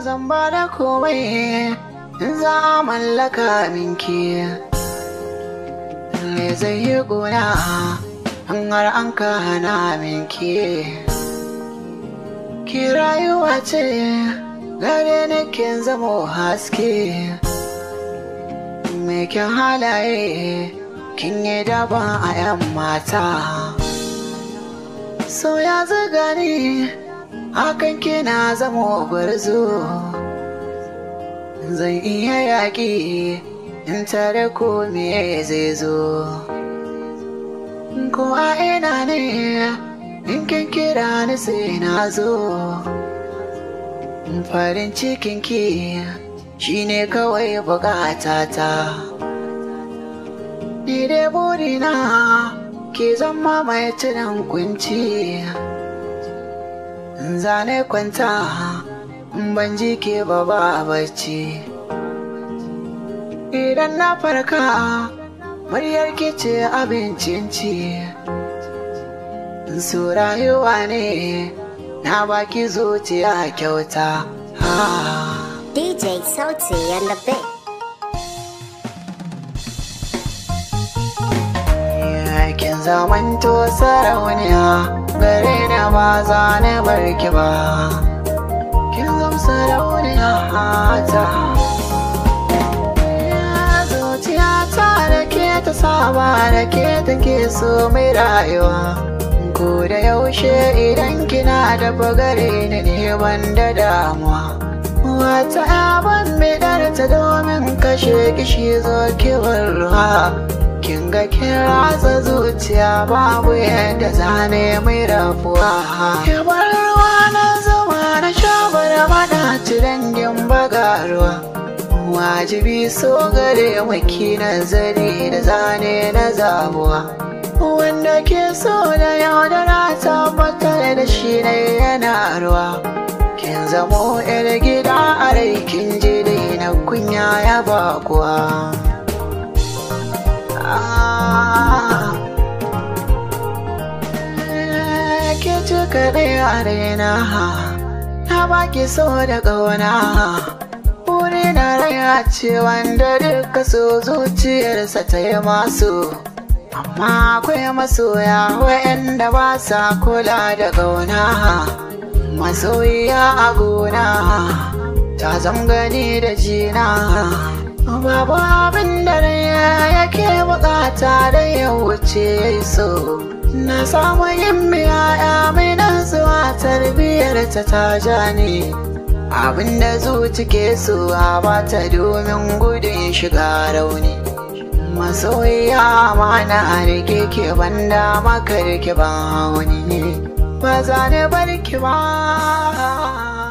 zamba da komai za mallaka minki me zai yi gona har an kana minki ki rayuwa ce gare nake zamo haske mai kyan halaye kin yi daba a 'yan mata so ya zaga ni hakan kina zamo gwarzo zan iya yaƙi in tare ko me zai zo ko a ina ne in kin kira ni sai na zo farin cikin ki shine kawai ta ni dai burina ke zama mai tunan kunci zane kwanta ban ji ke ba ba bacci idan na farka muryar ki ce abincin ci su rayuwa ne na baki zuciya kyauta DJ Sauti and the Big Kin zamanto sarauniya gare na ba za barki ba Kin zam sarauniya hata Zuciya ta da ke ta saba da ke take so mai rayuwa Ku da yaushe idan kina da bagare ni ne wanda damuwa wata abin bidar ta domin kashe kishi zo kiwon ruwa kin ga kin rasa zuciya babu yadda zane mai rafuwa kibar ruwa na zuwa na shabar mana ci dangin bagaruwa wajibi so gare maki nazari da zane na zabuwa wanda ke so da yaudara tabbatar da shi ne yana ruwa kin zamo yar gida a rai kin je dai na kunya ya ba kuwa ah. ke kaɗai a raina na baki so da ƙauna Wuri na rai a ce wanda duka so zuciyarsa ta yi masu amma akwai masoya wa'yanda ba sa kula da gauna masoyiya a gona ta zangani da jina babu abin da yake bukata da ya wuce so na samu yin miyaya mai nan zuwa tarbiyyar ta ta ne abin da zuci ke so a bata domin gudun shiga rauni masoyiya mana a rike ke banda maka rike ba wani ne ba za ne ki ba